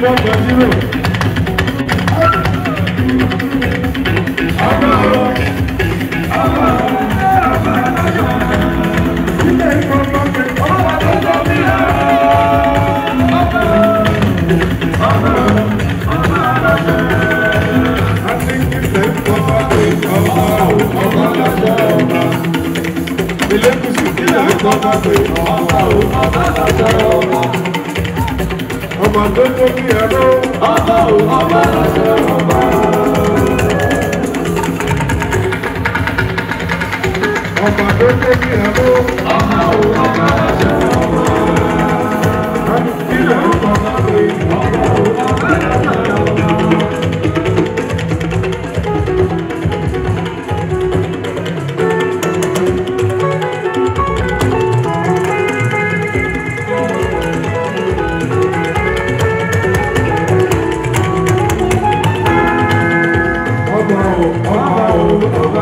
four point zero. ọgbà ọ̀rọ̀ ọgbà ọ̀rọ̀ ọgbà ọ̀rọ̀ ilé ìfowópamọ́ ọlọ́wà tó sọ mí lọ. ọgbà ọgbà ọgbà ọ̀rọ̀ àti ìgbésẹ̀ ìfowópamọ́ ọgbà ọgbà ọgbà ọgbà ilé kùsùn ilé ìfowópamọ́ ọgbà ọgbà ọgbà ọgbà ọba tó tó bí ẹrú. ọba ò ọba àṣẹ ọba. ọba tó tó bí ẹrú. ọba ò ọba àṣẹ.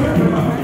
Yeah.